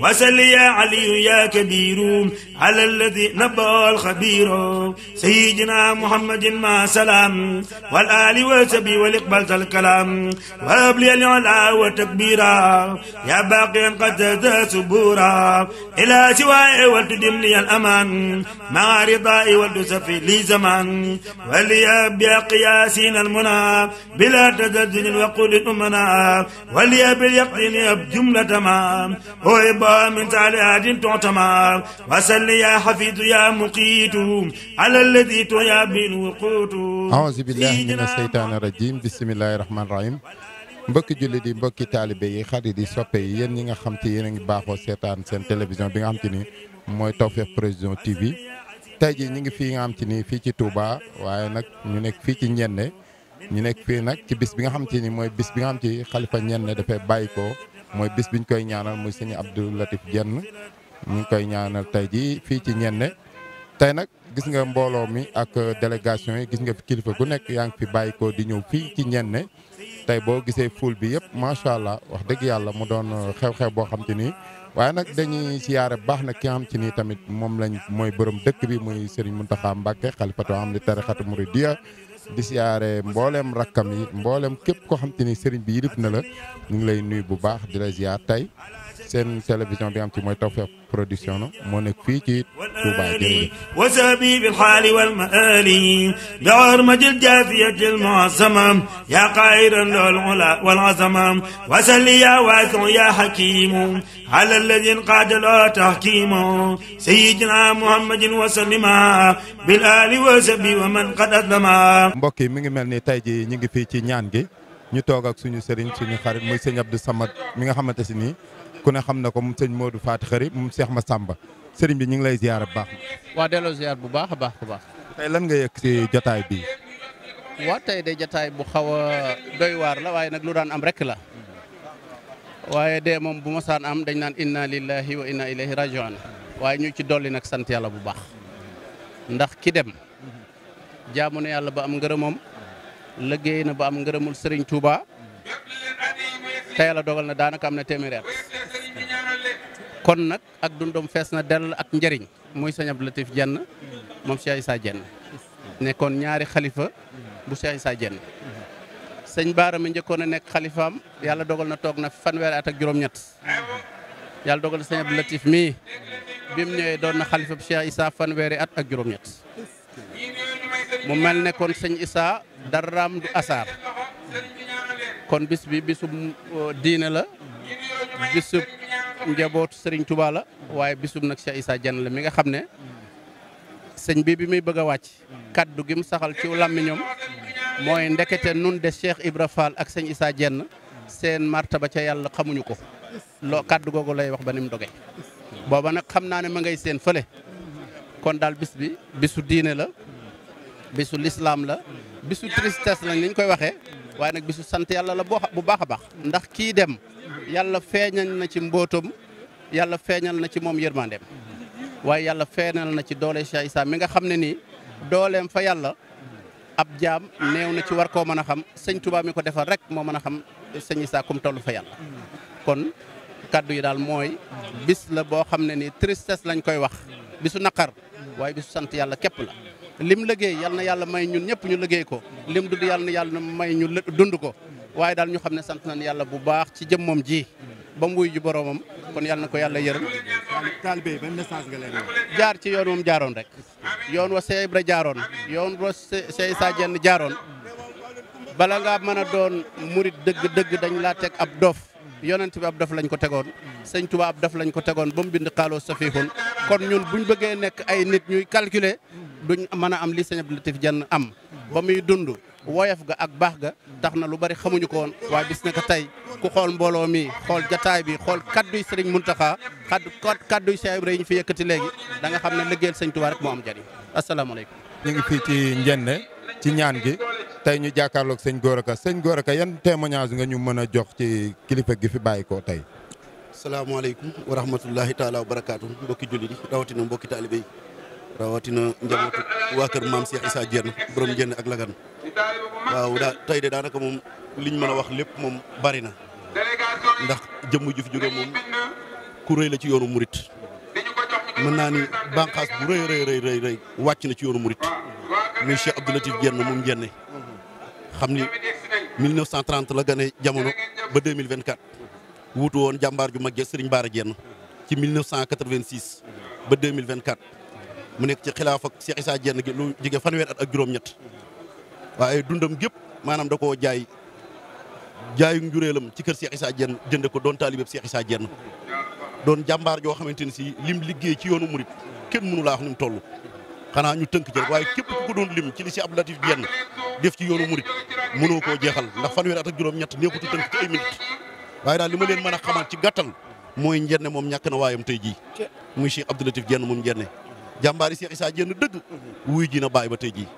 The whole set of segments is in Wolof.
وسل يا علي يا كبير على الذي نبأ الخبير سيدنا محمد مع سلام والآل والسبي والإقبال الكلام وأبلي العلا وتكبيرا يا باقيا قد سبورا إلى سواي ولتدم لي الأمان مع رضائي ولتسفي لي زمان ولي أبيا قياسين المنى بلا تزلزل وقود أمنا ولي باليقين جملة ما هو من تعالى تعتمر وسل يا حفيظ يا مقيت على bi تياب الوقوت أعوذ بالله من الشيطان الرجيم بسم الله الرحمن الرحيم mbokki jullit yi mbokki taalibe yi xarit yi soppe yi yéen ñi nga xam ci yéen a ngi baaxoo seetaan seen télévision bi nga xam te ni mooy Tawfekh Production TV tey jii ñu ngi fii nga xam te ni fii ci Touba waaye nag ñu nekk fii ci ñenne ñu nekk fii nag ci bis bi nga xam ci ni mooy bis bi nga xam te xalifa ñenne dafay bàyyi ko mooy bis bi ñu koy ñaanal muy sëñ Abdou Latif Diène ñu ngi koy ñaanal tey jii fii ci ñenne tey nag gis nga mbooloo mi ak délégation yi gis nga fi kilifa gu nekk yaa ngi fi bàyyi ko di ñëw fii ci ñenne tey boo gisee ful bi yëpp macha allah wax dëgg yàlla mu doon xew-xew boo xam te ni waaye nag dañuy siyaare baax na ki am ci nii tamit moom lañ mooy borom dëkk bi muy Serigne Mountakha Mbacké xalifatu am li tarixatu muridiyya di mboolem rakkam yi mboolem képp koo xam te ni sëriñ bi yilif na la mu ngi lay nuyu bu baax di la ziar tey seen télévision bi am ci mooy Tawfekh production moo nekk fii ci Touba jërëjëf wasabi bilxaali walmaali bihormati ljafiyati almuazama ya qairan lolula walazama wasalli ya waasiu ya hakimu ala alladin qaadalo tahkimu sayidina muhammadin wasallima bil wasabi wa man qad aslama mbokk yi mi ngi mel ni tey ji ñu ngi fii ci ñaan gi ñu toog ak suñu sëriñ suñu xarit muy sëñ Abdou Samad mi nga xamante si nii ku ne xam na ko mu sëñ Modou Faty Khary mu Cheikh Massamba sëriñ bi ñu ngi lay ziar bu baax. waa delloo ziar bu baax a baax a baax. tey lan nga yëg si jotaay bi waa tey de jotaay bu xaw a doy waar la waaye nag lu daan am rek la. waaye de moom bu ma saan am dañ naan inna lillahi wa inna ilayhi rajiun waaye ñu ci dolli nag sant yàlla bu baax ndax ki dem jaamu yàlla ba am ngërëmam liggéey na ba am ngërëmul Serigne Touba te yàlla dogal na daanaka am na téeméeri at kon nag ak dundam fees na dell ak njëriñ muy sëñ Abdou Latif Diène moom Cheikh Issa Diène nekkoon ñaari xalifa bu Cheikh Issa Diène sëñ Baara mi njëkkoon a nekk xalifaam yàlla dogal na toog na fanweeri at ak juróom-ñett yàlla dogal na sëñ Abdou Latif mii bi ñëwee doon na xalifa bu Cheikh Issa fanweeri at ak juróom-ñett mu mel ne kon sëñ Issa daraam du asaar kon bis bi bisu euh, diine la bisub njabootu Serigne tubaala waaye bisub nag Cheikh Issa Diène la mi nga xam ne sëñ bi bi muy bëgg a wàcc kàddu gi mu saxal ci làmmiñam mooy ndekete nun de Cheikh Ibra Fall ak sëñ Issa Diène seen ba ca yàlla xamuñu ko loo kaddu googu lay wax ba ni mu doge booba nag xam naa ne ma ngay seen fële kon daal bis bi bisu diine la bisu lislaam la bisu tristesse lañ liñ koy waxee waaye nag bisu sant yàlla la bu baax a baax ndax kii dem yàlla feeñal na ci mbootam yàlla feeñal na ci moom yërmandeem waaye yàlla feeñal na ci doole Cheikh Issa mi nga xam ne nii dooleem fa yàlla ab jaam néew na ci war koo mën a xam sëñ Touba mi ko defal rek moo mën a xam sëñ Issa kum toll fa yàlla kon kaddu yi daal mooy bis la boo xam ne nii tristesse lañ koy wax bisu naqar waaye bisu sant yàlla képp la lim liggéey yal na yàlla may ñun ñëpp ñu liggéey ko lim dund yal na yàlla may ñu dund ko waaye daal ñu xam ne sant nañ yàlla bu baax ci jëmmam ji ba mu wuy ju boroomam kon yal na ko yàlla yërëm. taalibe ban message nga leen jaar ci yoon moom jaaroon rek yoon wa Sey Ibra jaaroon yoon wa Sey Issa Diène jaaroon bala ngaa mën a doon murit dëgg dëgg dañ laa teg ab dof yonent bi ab dof lañ ko tegoon sëñ Tuubaa ab dof lañ ko tegoon ba mu bind xaaloo safihun kon ñun buñ bëggee nekk ay nit ñuy calculer duñ mën a am li sëñ Abdou Latif Diène am ba muy dund woyof ga ak baax ga tax na lu bari xamuñu ko woon waaye bis na ko tey ku xool mbooloo mi xool jataay bi xool kadduy sëriñ Muntaxa xad kadduy Cheikh Ibrahima ñu fi yëkkati léegi da nga xam ne liggéeyal sëñ Tuubaa rek moo am jariñ asalaamaaleykum ñu ngi fii ci Ndiéndé ci ñaan gi tey ñu jàkkaarloog sëñ Gora sëñ Gora yan témoignage nga ñu mën a jox ci kilifa gi fi bàyyi ko tey. salaamaaleykum wa rahmatullahi taala wa barakaatu mbokki jullit yi rawatina mbokki taalibe rawatina njabootu waa kër maam Cheikh Issa Diène borom Diène ak Lagane waaw daa tey de daanaka moom liñ mën a wax lépp moom bari na ndax jëmm ju fi jóge moom ku rëy la ci yoonu murit mën naa ni banqaas bu rëy rëy rëy rëy wàcc na ci yoonu murit muy Cheikh Abdou Latif Diène moom Diène xam ni 1930 la gane jamono ba 2024 wuutu woon jàmbaar ju mag ja Serigne Bara Diène ci 1986 ba 2024 mu nekk ci xilaaf ak Cheikh Issa Diène gi lu jege fanweer at ak juróom-ñett waaye dundam gépp maanaam da koo jaay jaayu njureelam ci kër Cheikh Issa Diène jënde ko doon taalibeeb Cheikh jenn Diène doon jàmbaar joo xamante ni si lim liggéey ci yoonu murit kenn mënu laa wax ni toll xanaa ñu tënk ci waaye képp ku ko doon lim ci li si Abdou Latif Diène def ci yoonu murit mënoo koo jeexal ndax fanweer at ak juróom-ñett neexutu tënk ci ay waaye daal li ma leen mën a xamal ci gàttal mooy njenne moom ñàkk na tey jii muy Cheikh Abdou Latif Diène jàmbaari Cheikh sa Diène dëgg wuy ji na bàyyi ba tey jii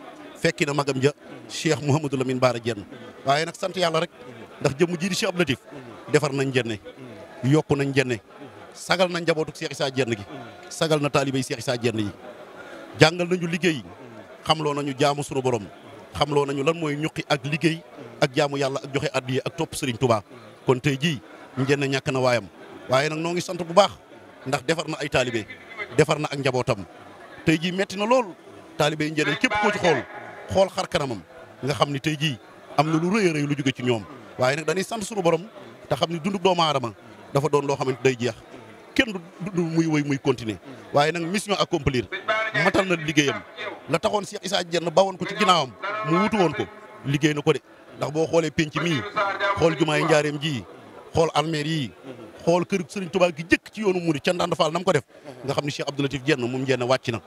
fekki na magam ja Cheikh Mouhamadou Lamine Bara Diène waaye nag sant yàlla rek ndax jëmm ji si Cheikh Abdou Latif defar nañ jenne yokk nañ jenne sagal nañ njabootu Cheikh sa Diène gi sagal na taalibey Cheikh sa Diène yi jàngal nañu liggéey xamloo nañu jaamu sunu xam xamloo nañu lan mooy ñuqi ak liggéey ak jaamu yàlla ak joxe addiye ak topp Serigne Touba kon tey jii njenne ñàkk na waayam waaye nag noo sant bu baax ndax defar na taalibe defar na ak njabootam tey jii metti na lool taalibe yi njëriñ képp koo ci xool xool xar kanamam nga xam ni tey jii am na lu rëy a rëy lu jóge ci ñoom waaye nag dañuy sant suñu borom te xam ni dundu doomu aadama dafa doon loo xamante day jeex kenn du muy woy muy continuer waaye nag mission accomplir matal na liggéeyam la taxoon Cheikh Issa Diène bawoon ko ci ginnaawam mu wutu woon ko liggéey na ko de ndax boo xoolee penc mii xool jumaay njaareem ji xool armeer yi xool kër Serigne Touba gi jëkk ci yoonu Mouride ca Ndande Fall nam ko def nga xam ne Cheikh Abdou Jenn moom jenn wàcc na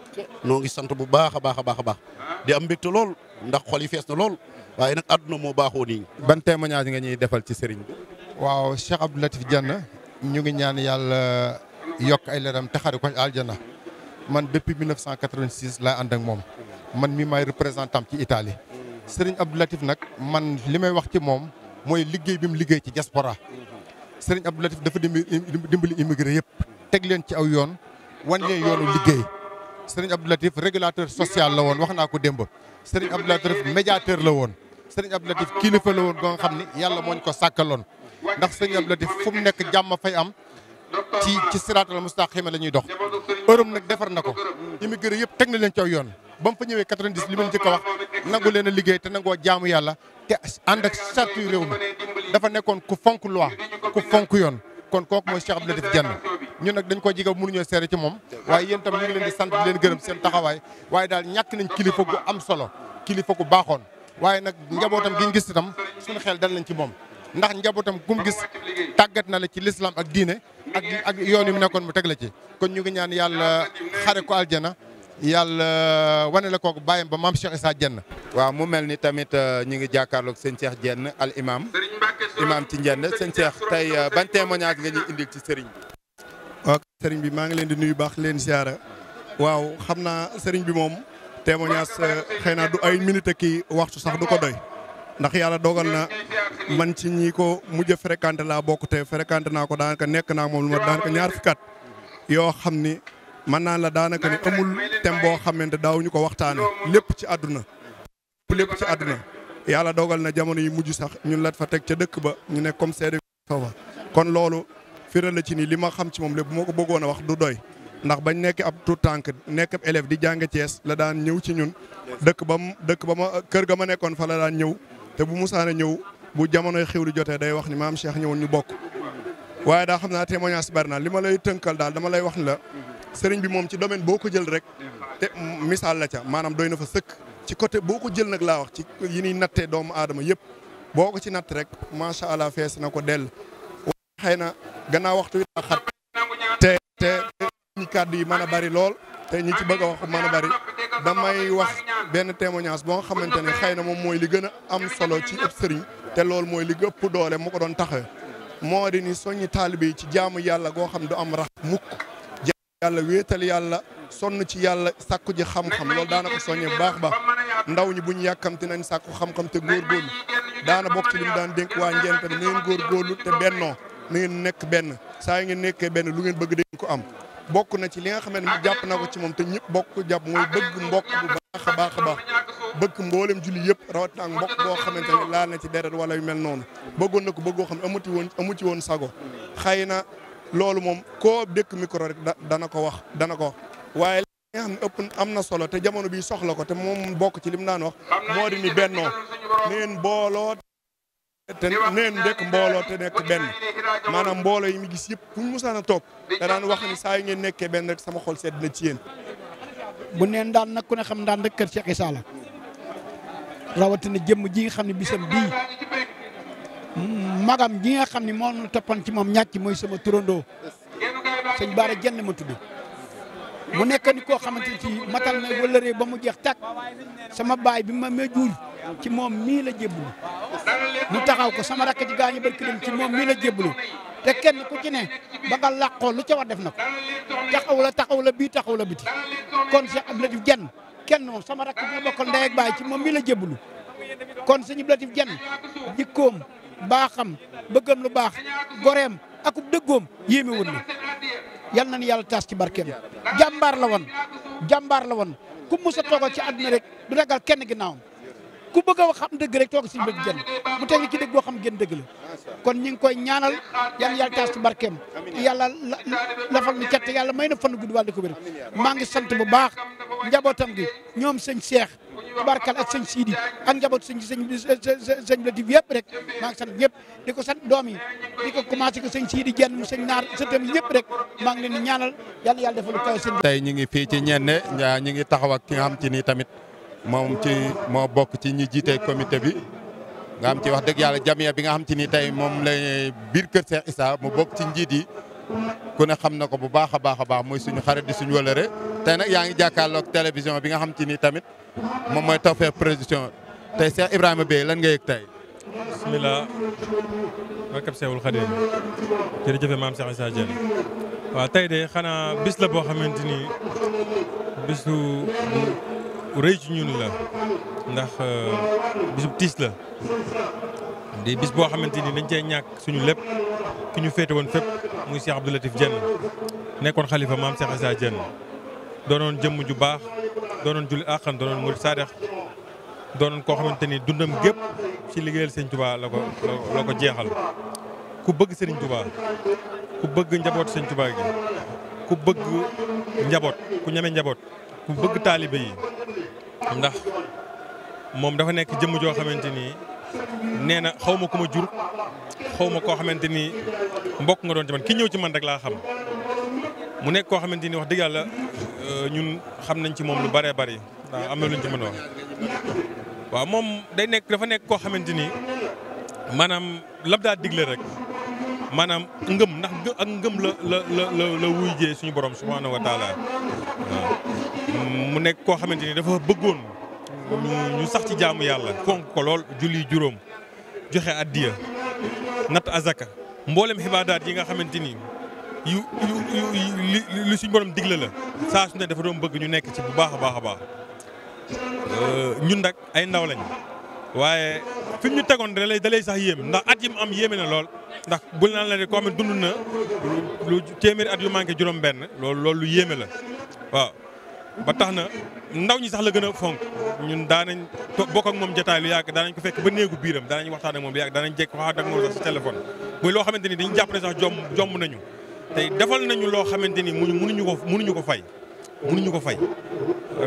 noo ngi sant bu baax a baax a baax di am mbégte lool ndax xol yi fees na lool waaye nag àdduna moo baaxoo nii. ban témoignage nga ñuy defal ci Serigne bi. waaw Cheikh Abdou Latif Jenn ñu ngi ñaan yàlla yokk ay leeram taxari ko aljana man depuis 1986 laa ànd ak moom man mi may représentant ci Italie Serigne Abdou Latif nag man li may wax ci moom mooy liggéey bi mu liggéey ci diaspora sëriñ Abdou dafa dafa dimbali immigré yëpp teg leen ci aw yoon wan leen yoonu liggéey sëriñ Abdou Latif régulateur social la woon wax naa ko démb sëriñ Abdou Latif médiateur la woon sëriñ Abdou Latif kilifa la woon ba xam ni yàlla mooñ ko sàkkaloon ndax sëriñ Abdou Latif fu mu nekk jàmm fay am ci ci siraatal mustaqima la ñuy dox Europe nag defar na ko immigré yëpp teg na leen ci aw yoon ba mu fa ñëwee 90 li ma njëkk a wax nangu leen a liggéey te nangoo jaamu yàlla te ànd ak charte yu réew dafa nekkoon ku fonk loi ku fonk yoon kon kooku mooy Cheikh Abdou Latif Diène ñun nag dañ ko jiga mënuñoo seere ci moom waaye yéen tam ñu ngi leen di sant di leen seen taxawaay waaye daal ñàkk nañ kilifa gu am solo kilifa gu baaxoon waaye nag njabootam gi gis itam suñu xel dal nañ ci moom ndax njabootam gum gis tàggat na la ci lislam ak diine ak ak yoon yu mu nekkoon mu teg la ci kon ñu ngi ñaan yàlla xare ko aljana yàlla wane la kooku bàyyam ba maam Cheikh Issa Diène waaw mu mel ni tamit euh, ñu ngi jàkkaarloog sëñ Cheikh Diène al imaam imam ci Ndiène sëñ Cheikh tey euh, ban témoignage nga ñuy indil ci sëriñ bi. sëriñ bi maa ngi leen di nuyu baax leen ziara waaw xam naa sëriñ bi moom témoignage euh, xëy na du ay minute kii waxtu sax du ko doy ndax yàlla dogal na man ci ñi ko mujj fréquenté laa bokk te fréquenté naa ko daanaka nekk naa moom lu ma daanaka ñaar fukki yoo xam ni mën naa la daanaka ni amul thème boo xamante daawuñu ko waxtaane lépp ci àdduna lépp ci àdduna yàlla dogal na jamono yi mujj sax ñun lat fa teg ca dëkk ba ñu ne comme seede soofa kon loolu firal la ci ni li ma xam ci moom lépp bu ma ko bëggoon a wax du doy ndax bañ nekk ab tout tànk nekk ab di jàng cees la daan ñëw ci ñun dëkk ba dëkk ba ma kër ga ma nekkoon fa la daan ñëw te bu musaana ñëw bu jamonoy xiw li jotee day wax ni maam Cheikh ñëwoon ñu bokk waaye daa xam naa témoignage bari na li ma lay tënkal daal dama lay wax ni la sëriñ bi moom ci domaine boo ko jël rek misaal la ca maanaam doy na fa sëkk ci côté boo ko jël nag laa wax ci yi ñuy nattee doomu aadama yëpp boo ko ci natt rek macha allah fees na ko dell. xëy na gannaaw waxtu wi daa xat te te ñi yi mën a bari lool te ñi ci bëgg a wax mën bari damay wax benn témoignage boo nga xamante ne xëy na moom mooy li gën a am solo ci ëpp te loolu mooy li gëpp doole moo ko doon taxawee. moo di ni soññi taalibe ci jaamu yàlla goo xam du am rax mukk jaamu yàlla wéetal yàlla sonn ci yàlla sàkku ji xam loolu daana ko baax baax. ndaw ñi buñ yàkkamti nañ sàkku xam-xam te góorgóorlu daana bokk ci li mu daan dénk waa njente ne na ngeen góorgóorlu te bennoo na ngeen nekk benn saa yi ngeen nekkee benn lu ngeen bëgg dañ ko am bokk na ci li nga xam jàpp na ko ci moom te ñëpp bokk ko jàpp mooy bëgg bu baax a baax a baax bëgg mboolem julli yëpp rawatina ak mbokk boo xamante ne laal na ci deret wala yu mel noonu bëggoon na ko bëggoo xam ne amu ci woon amu ci woon sago xëy na loolu moom ko dëkk micro rek dana ko wax dana ko wax waaye nga xam ne ëpp am na solo te jamono bi soxla ko te moom bokk ci li mu daan wax moo di ni bennoo neen booloo te neen ndekk mbooloo te nekk benn maanaam mbooloo yi mu gis yëpp kuñ musaan a toog da daan wax ni saa yu ngeen nekkee benn rek sama xol sedd na ci yéen bu neen daan nag ku ne xam daan rek kër Cheikh Issa la rawatina jëmm ji nga xam ne bisam bii magam ji nga xam ni moo nu toppan ci moom ñàcc mooy sama turandoo sëñ Baara jenn ma tudd mu nekk ni koo xamante ni ci matal na wëllëree ba mu jeex tàkk sama baay bi ma ma jur ci moom mii la jébbalu mu taxaw ko sama rakk ji gaañu barki dem ci moom mii la jébbalu te kenn ku ci ne ba nga làqoo lu ca war def na ko taxaw la taxaw la bii taxaw la biti kon Cheikh Abdou Latif jenn kenn moom sama rakk bi ma bokkal ndey baay ci moom mii la jébbalu kon sëñ Abdou Latif Diène jikkoom baaxam bëggam lu baax goreem akub dëggoom yéeme woon na yal nañu yàlla taas ci barkeem jàmbaar la woon jàmbaar la woon ku mu mës a toogal ci àdduna rek du ragal kenn ginnaawam ku bëgg a xam dëgg rek toog si bëgg jënd mu teg ci dëgg boo xam gën dëgg la kon ñu ngi koy ñaanal yan yàlla taas ci barkeem yàlla lafal ñu cat yàlla may na fan gudd wàll ko wér maa ngi sant bu baax njabootam gi ñoom sëñ Cheikh barkal ak sëñ Sidi ak njaboot sëñ sëñ sëñ Latif yëpp rek maa ngi sant ñëpp di ko sant doom yi di ko commencé ko sëñ Sidi jenn ñëpp rek maa ngi leen di ñaanal yàlla yàlla defal ko kaw seen. tey ñu ngi fii ci ñenn ñi ngi taxaw ki nga xam ci ni tamit. moom ci moo bokk ci ñi jiite comité bi nga xam ci wax dëgg yàlla jamiya bi nga xam ci ni tey moom la biir kër Cheikh Issa mu bokk ci njiit yi ku ne xam na ko bu baax a baax a baax muy suñu xarit di suñu wëlëre tey nag yaa ngi jàkkaarloog télévision bi nga xam ci ni tamit moom mooy Tawfekh Production tey Cheikh Ibrahima Bey lan nga yëg tey. bisimilah barkab Seexul Xadiim jërëjëf maam Cheikh Issa Diène waaw tey de xanaa bis la boo xamante ni bisu rëy ci ñun la ndax euh, bisub tiis la di bis boo xamante ni dañ cey ñàkk suñu lépp ki ñu féete woon fépp muy Cheikh Abdou Latif Diène nekkoon xalifa maam Cheikh Issa Diène doonoon jëmm ju baax doonoon jullit àqan doonoon murid saadex doonoon koo xamante ni dundam gépp ci liggéeyal Sëriñ Tuubaa la ko la ko jeexal ku bëgg Sëriñ Tuubaa ku bëgg njaboot Sëriñ Tuubaa gi ku bëgg njaboot ku ñeme njaboot ku bëgg taalibe yi ndax moom dafa nekk jëmm joo xamante ni nee na xaw ma ku jur xaw ma koo xamante ni mbokk nga doon ci man ki ñëw ci man rek laa xam mu nekk koo xamante ni wax dëgg yàlla euh, ñun xam nañ ci moom lu bëree bëri waaw am na luñ ci mën wax. waaw moom day nekk dafa nekk koo xamante ni maanaam lab daa digle rek maanaam ngëm ndax ngëm la la la la wuy jee suñu borom subhaanahu wa taala mu nekk koo xamante ni dafa bëggoon ñu sax ci jaamu yàlla fonk ko lool julli juróom joxe addiya natt azaka mboolem xibaadaat yi nga xamante ni yu yu yu li suñ borom digle la saa su ne dafa doon bëgg ñu nekk ci bu baax a baax a baax euh, ñun nag ay ndaw lañ waaye fi ñu tegoon dalay dalay sax yéem ndax at yi mu am yéeme na lool ndax bul naan la ne koo xam ne dund na lu téeméeri at yu manqué juróom-benn loolu lu yéeme la waaw. ba tax na ndaw ñi sax la gën a fonk ñun daanañ bokk ak moom jotaay lu yàgg daanañ ko fekk ba néegu biiram daanañ waxtaan ak moom lu yàgg daanañ jekk waxtaan ak moom sax si téléphone muy loo xamante ni dañu jàpp sax jomb nañu tey defal nañu loo xamante ni muñu mënuñu ko mënuñu ko fay ñu ko fay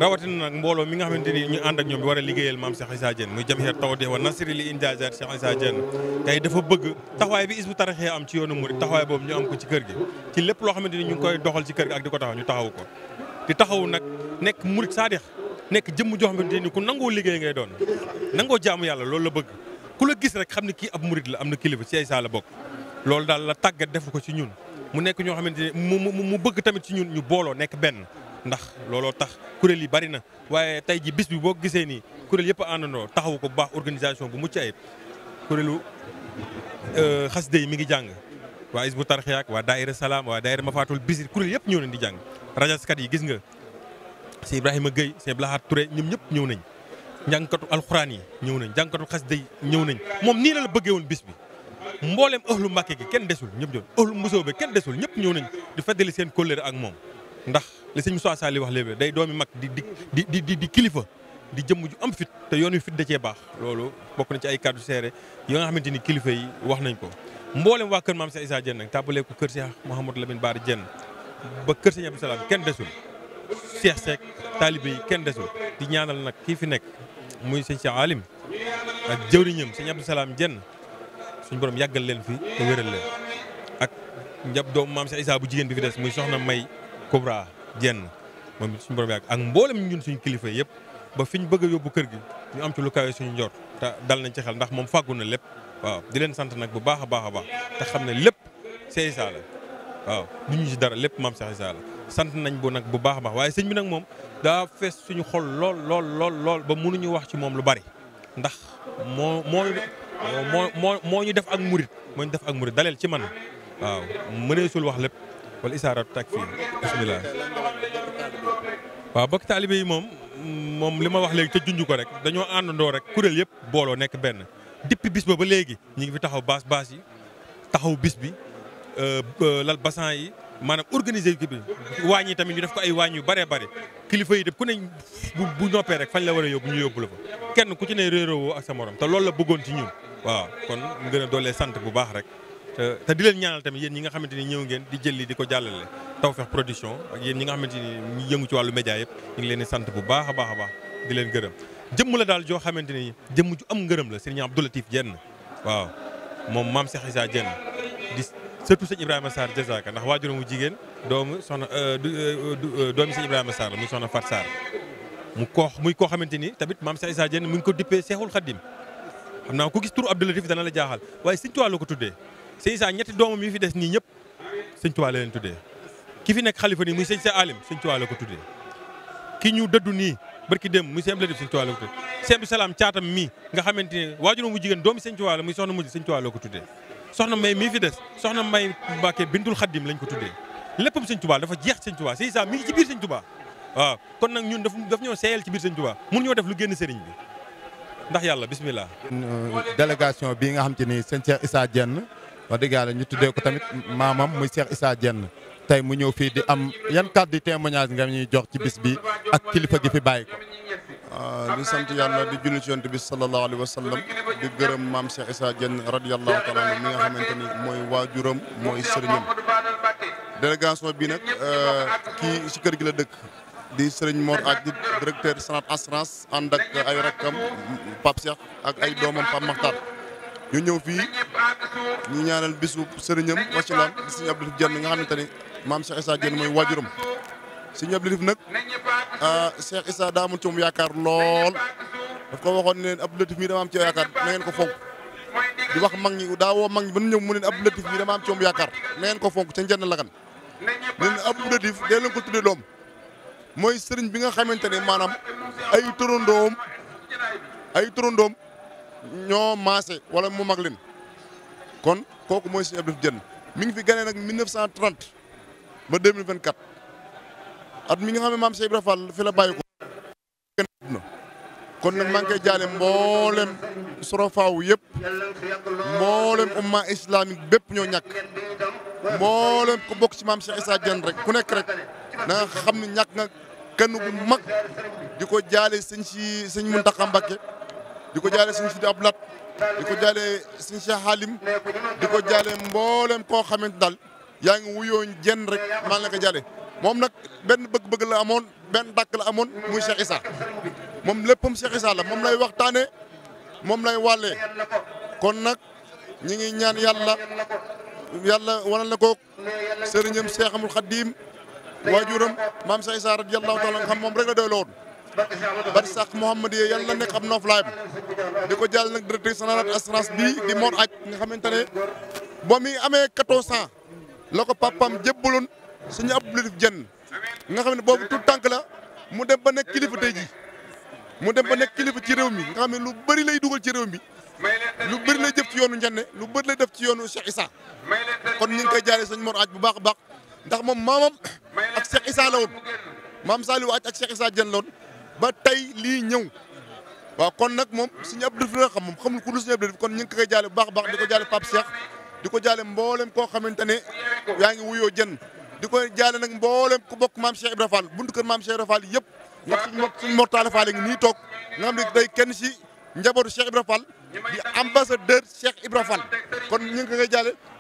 rawatina nag mbooloo mi nga xamante ni ñu ànd ak ñoom bi war a liggéeyal maam Cheikh Issa Diène muy jamhir tawdih wa nasri li injazat Cheikh Issa Diène tey dafa bëgg taxawaay bi isbu taraxee am ko ci kër gi ci loo xamante ni ñu ngi koy doxal ci kër gi ak di ko nekk murit saadix nekk jëmm joo xamante ni ku nangoo liggéey ngay doon nangoo jaamu yàlla loolu la bëgg ku la gis rek xam ne kii ab murit la am na kilifa ci ay saa la bokk loolu daal la tàggat def ko ci ñun mu nekk ñoo xamante ne mu mu mu bëgg tamit ci ñun ñu booloo nekk benn ndax looloo tax kuréel yi bari na waaye tey ji bis bi boo gisee nii kuréel yëpp àndandoo taxawu ko bu baax organisation bu mucc ayib kuréelu euh, xasida yi mu ngi jàng waa Hizbut Tarqiyyah waa Daayira Salaam waa Daayira Mafatul Bisir kuréel yëpp ñoo leen di jàng rajaskat yi gis nga si Ibrahima Gueye si Blahat Touré ñoom ñëpp ñëw nañ jàngkatu alxuraan yi ñëw nañ jàngkatu xas yi ñëw nañ moom nii la la bëggee woon bis bi mbooleem ëxlu Mbàkke gi kenn desul ñëpp ñëw ëxlu Mbusoo bi kenn desul ñëpp ñëw nañ di feddali seen kóllëre ak moom ndax li sëñ Moussa Sall wax léegi day doomi mag di di di di di kilifa di jëmm ju am fit te yoon wi fit da cee baax loolu bokk na ci ay kàddu seere yoo nga xamante ni kilifa yi wax nañ ko mboolem waa kër maam Cheikh Issa Diène nag tàbbalee ko kër Cheikh Mouhamadou Lamine Bara Diène ba kër Cheikh Abdou Salam kenn desul Cheikh Seck taalibe yi kenn desul di ñaanal nag kii fi nekk muy sëñ Cheikh Alim ak jëwriñam sëñ Abdou Salaam Jenn suñu borom yàggal leen fi te wéral leen ak njab doomu maam Cheikh Issa bu jigéen bi fi des muy soxna May Kubra Jenn moom suñu borom yàgg ak mboolem ñun suñu kilifa yëpp ba fi ñu bëgg yóbbu kër gi ñu am ci lu kawe suñu njort te dal nañ ci xel ndax moom fàggu na lépp waaw di leen sant nag bu baax a baax a baax te xam ne lépp Cheikh Issa la waaw lépp maam Cheikh la sant nañ bu nag bu baax a baax waaye sëñ bi nag moom daa fees suñu xol lool lool lool lool ba mënuñu wax ci moom lu bari ndax moo moo moo moo ñu def ak murit moo ñu def ak murit daleel ci man waaw mëneesul wax lépp wala isaaraatu tak fii bisimilah. waaw bokk taalibe yi moom moom li ma wax léegi te junj ko rek dañoo àndandoo rek kuréel yëpp booloo nekk benn depuis bis ba ba léegi ñu ngi fi taxaw baas baas yi taxaw bis bi euh, euh, lal bassan yi. maanaam organiser kii bi waañ yi tamit ñu def ko ay waañ yu bëree bëri kilifa yi def ku ne bu bu noppee rek fañ la war a yóbbu ñu yóbbu la fa kenn ku ci ne réeróowoo ak sa morom te loolu la bëggoon ci ñu waaw kon mu a doolee sant bu baax rek te di leen ñaanal tamit yéen ñi nga xamante ni ñëw ngeen di jëli di ko jàllale Tawfekh Production ak yéen ñi nga xamante ni ñu yëngu ci wàllu média yëpp ñu ngi leen di sant bu baax a baax a baax di leen gërëm jëmm la daal joo xamante ni jëmm ju am ngërëm la Serigne Abdou Latif Diène waaw moom maam Cheikh Issa Diène surtout sëñ Ibrahima Sarr jazaaka ndax waajuram mu jigéen doomu soxna euh, euh, euh, doomi sëñ Ibrahima Sarr muy soxna Fat Sarr mu koo muy koo xamante ni tamit maam Cheikh Issa Diène mu ngi ko dippee Seexul Xaddim xam naa ko gis turu Abdou Latif dana la jaaxal waaye sëñ Tuubaa la ko tuddee sëñ Issa ñetti doomam yi fi des nii ñëpp sëñ Tuubaa la leen tuddee ki fi nekk xalifa nii muy sëñ sa alim sëñ Tuubaa la ko tuddee ki ñu dëddu nii barki dem muy sëñ Abdou Latif sëñ Tuubaa la ko caatam mii nga xamante ne waajuram mu jigéen doomi sëñ Tuubaa la muy soxna mujj sëñ Tuubaa la ko tuddee soxna May mii fi des soxna May Mbacke Bintul Xaddim lañ ko tuddee léppam sëñ Touba dafa jeex sëñ Touba Sëñ Issa mi ngi ci biir sëñ Touba waaw kon nag ñun daf daf ñoo seeyal ci biir sëñ Touba mun ñoo def lu génn sëriñ bi ndax yàlla bismillah euh, délégation bii nga xam te ni sëñ Cheikh Issa Diène wax dëgg yàlla ñu tuddee ko tamit maamam muy Cheikh Issa Diène tey mu ñëw fii di am yan kàddu témoignage nga ñuy jox ci bis bi ak kilifa gi fi bàyyi ko Ah, di sant yàlla di julli si yonent bi sallallahu alayhi wa sallam di gërëm maam Cheikh Issa Diène radiyallahu taala anhu mi nga xamante ni mooy waajuram mooy sëriñam délégation bi nag ah, kii ci kër gi la dëkk di sëriñ Mor ak di directeur Sanat assurance ànd ak ay rakkam Pape ak ay doomam Pape Makhtar ñu ñëw fii ñu ñaanal bisu sëriñam wasilaam di sëriñ Abdou Diène nga xamante ni maam Cheikh Issa jën mooy waajuram si ñëpp li def nag ah, Cheikh Issa daa amoon ci moom yaakaar lool daf ko waxoon ne Abdou Latif mii dama am ci yaakaar na ngeen ko fonk di mag ñi daa woo mag ñi ba ñu ñëw mu ne Abdou Latif mii dama am ci moom yaakaar ko fonk ca njënd lakan ne ne Abdou Latif dee ko tuddee doom mooy sëriñ bi nga xamante ne maanaam ay turandoom ay turandoom ñoo maase wala mu mag leen kon kooku mooy suñu Abdou Latif Diène mi fi ganee nag 1930 ba 2024. at mi nga xam ne maam Cheikh Ibra Fall fi la bàyyi ko kon nag maa ngi koy jaale mboolem sorofaaw yëpp mboolem umma islamique bépp ñoo ñàkk mboolem ku bokk ci maam Cheikh Issa Diène rek ku nekk rek na xam ne ñàkk nga kenn bu mag di ko jaale sëñ si sëñ Mountakha Mbacké di ko jaale sëñ Sidi Abdoul Ahad di ko jaale sëñ Cheikh Halim di ko jaale mboolem koo xamante daal yaa ngi wuyoo jenn rek maa ngi la ko jaale moom nag benn bëgg-bëgg la amoon benn dàkk la amoon muy Cheikh Issa moom léppam Cheikh Issa la moom lay waxtaane moom lay wàllee kon nag ñi ngi ñaan yàlla yàlla wanal na ko sëriñam Cheikh Amul Khadim waajuram maam Cheikh Issa radiyallahu taala xam moom rek la doy loon bari sax Mouhamad yee yàlla nekk am noflaayam di ko jàll nag directrice générale assurance bi di Mor Aj nga xamante ne ba muy amee 14 ans la ko papam jébbaloon suñu ab Latif Diène nga xam ne boobu tout tànk la mu dem ba nekk kilifa tey ji mu dem ba nekk kilifa ci réew mi nga xam ne lu bari lay dugal ci réew mi lu bëri lay def ci yoonu Ndiène lu bari lay def ci yoonu Cheikh Issa kon ñu ngi koy jaaree sëñ Mor Aaj bu baax a baax ndax moom ak Cheikh Issa la woon maam Saliou Aaj ak Cheikh Issa Diène la ba tey lii ñëw waaw kon nag moom suñu ab Latif la xam moom xamul ku dul suñu ab Latif kon ñu ngi koy jaale bu baax a baax di ko jaale Pape Cheikh di ko jaale mboolem koo xamante ne yaa ngi wuyoo Diène di ko jaale nag mboolem ku bokk maam Cheikh Ibra Fall buntu kër maam Cheikh Ibra Fall yëpp ndax suñ suñ mortaale Fall ngi nii toog nga xam ne day kenn si njabootu Cheikh Ibra Fall di ambassadeur Cheikh Ibra Fall kon ñu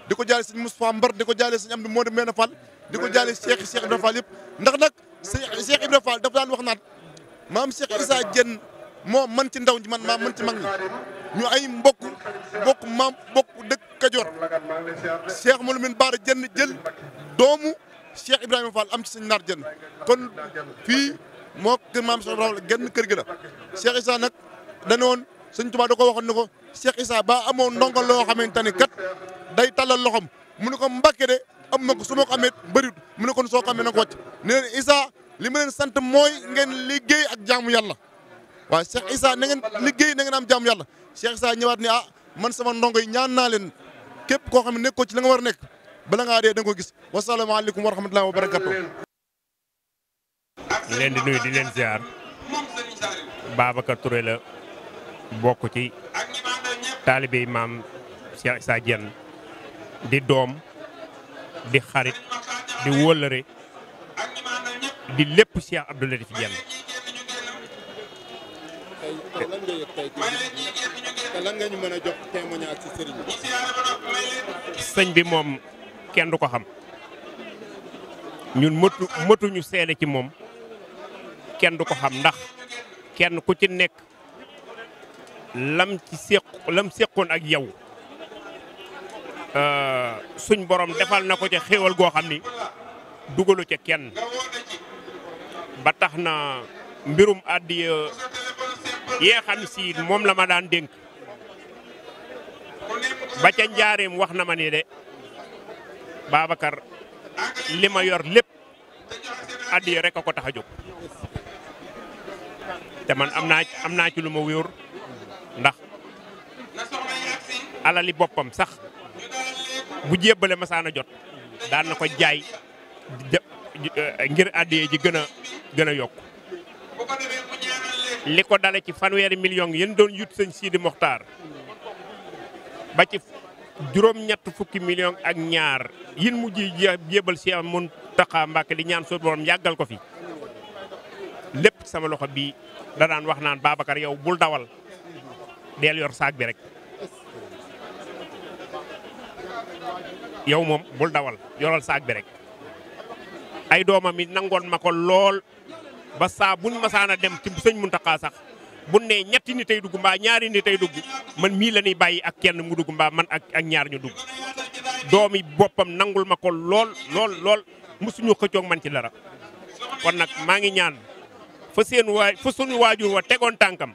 di ko jaale suñ Moustapha Mbar di ko jaale suñ Amdi Modou Mena Fall di ko jaale Cheikh Cheikh Ibra Fall yëpp ndax nag Cheikh Ibra Fall dafa daan wax naan maam Cheikh Issa Diène moo man ci ndaw ñi man maa man ci mag ñi ñu ay mbokk mbokk maam mbokk dëkk Kajoor Cheikh Moulamine Bara Diène jël doomu Cheikh Ibrahima Fall am ci sëñ naar jenn kon fii moo kër maam Cheikh Ibrahima genn kër gi la Cheikh Issa nag dane woon sëñ Tuubaa ko waxoon ne ko Cheikh Issa ba amoon ndongo loo xamante ni kat day tallal loxoom mu ne ko Mbàkke de am na ko su ma ko amee bëriwut mu ne kon soo ko amee na ko wàcc ne leen Issa li ma leen mooy ngeen liggéey ak jaamu yàlla waaw Cheikh Issa na ngeen liggéey na ngeen am jaamu yàlla Cheikh Issa ñëwaat ni ah man sama ndongo yi ñaan naa leen képp koo xam ne nekkoo ci la nga war a nekk bala ngaa dee da ko gis wasalaamaaleykum wa rahmatulah wa barakatu. leen di nuyu di leen ziar baabaka Touré la bokk ci taalibe maam Cheikh Issa di doom di xarit di wóllëre di lépp Cheikh Abdou Latif Diène. bi. sëñ bi moom. kenn du ko xam ñun mëtu mëtuñu seede ci moom kenn du ko xam ndax kenn ku ci nekk lam ci séq lam séqoon ak yow euh, suñ borom defal na ko ca xéewal goo xam ni dugalu ca kenn ba tax na mbirum àddiya yee xam moom la ma daan dénk ba ca njaareem wax na ma ni de Babacar li ma yor lépp addiya rek a ko tax a jóg te man am naa am naa ci lu ma wóor ndax alali boppam sax bu jébbale masaana jot daal na ko jaay eh, ngir addiya ji gën a gën a yokk li ko dale ci fanweeri million yéen doon yut sëñ Sidi ba ci juróom-ñett fukki million ak ñaar yin mujj jébal si am mun taxa Mbàkke di ñaan suñu borom yàggal ko fi lépp sama loxo bii da daan wax naan Babacar yow bul dawal deel yor saag bi rek yow moom bul dawal yoral saag bi rek ay doomam yi nangoon ma ko lool ba saa buñ masaana dem ci sëñ Muntaxa sax bu ne ñetti nit ay dugg mbaa ñaari nit ay dugg man mii la bàyyi ak kenn mu dugg mbaa man ak ak ñaar ñu dugg doomi boppam nangul ma ko lool lool lool mosuñu xëccoog man ci dara kon nag maa ngi ñaan fa seen waay fa suñu waajur wa tegoon tànkam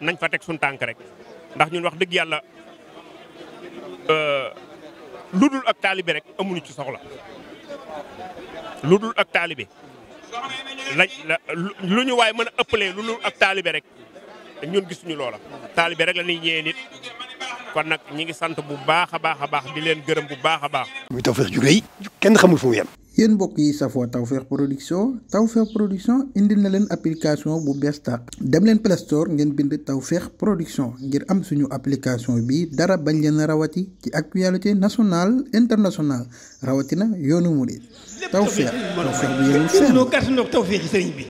nañ fa teg suñu tànk rek ndax ñun wax dëgg yàlla euh, lu dul ak taalibe rek amuñu ci soxla lu dul ak taalibe lañ lu ñu waay mën a ëppalee lu dul ak taalibe rek ñun gisuñu loola. taalibe rek la ñuy ñëwee nit kon nag ñi ngi sant bu baax a baax a baax di leen gërëm bu baax a baax. muy tawfeex ju rëy kenn xamul fu mu yem. yéen mbokk yi safoo Tawfekh Production Tawfekh Production indil na leen application bu bees tàq dem leen Play Store ngeen bind Tawfekh Production ngir am suñu application bi dara bañ leen rawati ci actualité national international rawatina yoonu murid Tawfekh Tawfekh bi yéen seen